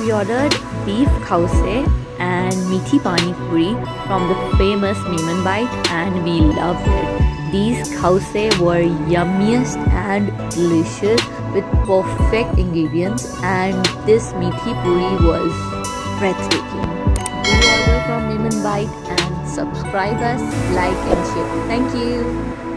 We ordered beef khause and miti pani puri from the famous Meeman Bite and we loved it. These khause were yummiest and delicious with perfect ingredients and this miti puri was breathtaking. Do order from Meeman Bite and subscribe us, like and share. Thank you.